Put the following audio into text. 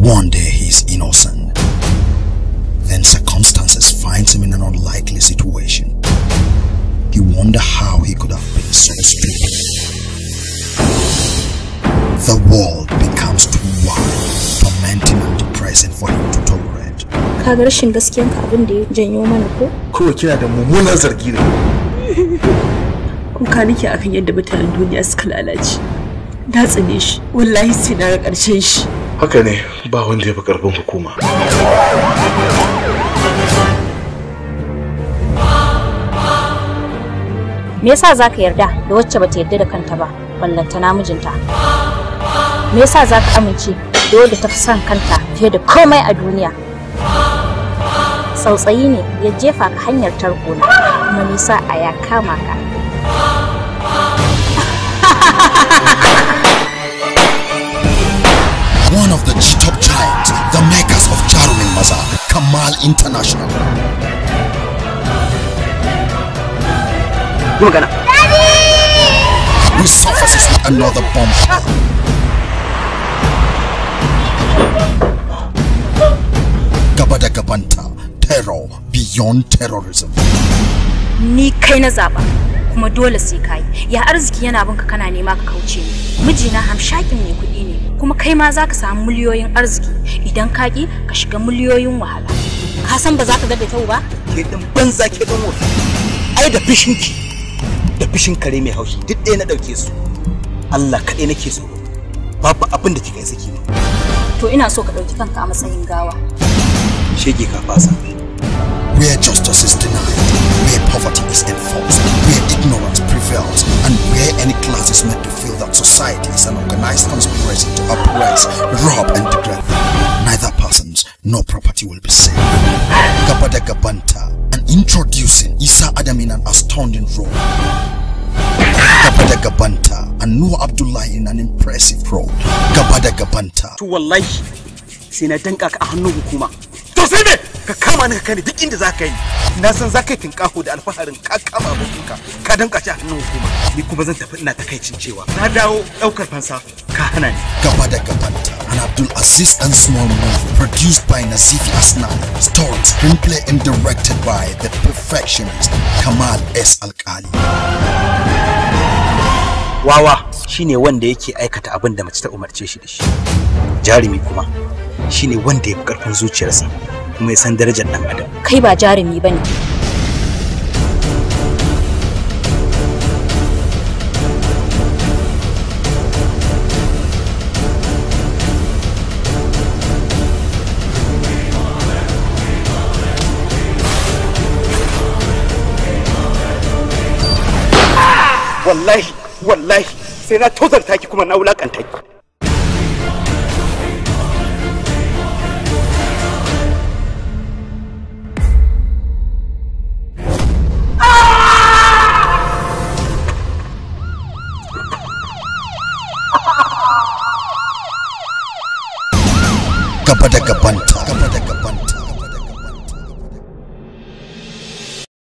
One day he is innocent, then circumstances finds him in an unlikely situation. You wonder how he could have been. so to speak. The world becomes too wide, tormenting and depressing for him to tolerate. Kaga rashin gaskiyanka abin da ya janyo mana ko? Kowa kina da mummunan zargi ne. Kuka nake akan yadda mutanen duniya suka lalace. Na tsane shi, wallahi sai na ga ƙarshen shi. Haka ne, ba wanda ya fi ƙarfin hukuma. me yasa za yarda da wacce bata yarda da kanta ba ballanta namijinta me yasa za ka amince da wanda ta fi son kanta fiye da komai a duniya sautsayi ne ya jefa ka hanyar tarko na kuma nisa a ya kama ka One of the G-top giants, the makers of Charming Maza, Kamal International. yi magana we surfaces another bomb gaba da gabanta terror beyond terrorism ni kai na zaba kuma dole sai kai ya arziki yana binka kana nema ka kauce ni mijina hamshakin ne kuɗi ne kuma kai ma za ka samu miliyoyin arziki idan ka ki ka shiga miliyoyin wahala ka san ba za ka ga da kyau ba ke din banza ke din ai da fishinki fishin kare mai haushi duk na su Allah nake so babu abin da kika yi saki to ina so ka kanka a matsayin gawa shege ka fasa where justice is denied where poverty is enforced where ignorance prevails and where any class is made to feel that society is an organized conspiracy to oppress rob and degrade neither persons nor property will be saved Gabada Gabanta and introducing Isa Adam in an astounding role gabanta annuwa abdullahi in an impressive road gaba da gabanta to wallahi sai na danka ka a hannun hukuma to sai me ka kama ni ka kani duk inda zaka yi na san zaka yi tinkaho da alfaharin ka kama abokinka ka danka shi a hannun hukuma ni kuma zan tafi ina takaicin cewa na dawo daukar fansa ka hana ni gaba da gabanta an abdul aziz and small movie produced by nazifi asnan story screenplay and directed by the perfectionist kamal s alkali wawa shine wanda yake aikata abin da mace ta umarce shi da shi jarumi kuma shine wanda ya fi karfin zuciyarsa kuma ya san darajar dan adam kai ba jarumi bane wallahi wallahi sai na tozarta ki kuma na wulakanta ki gaba da gabanta gaba da gabanta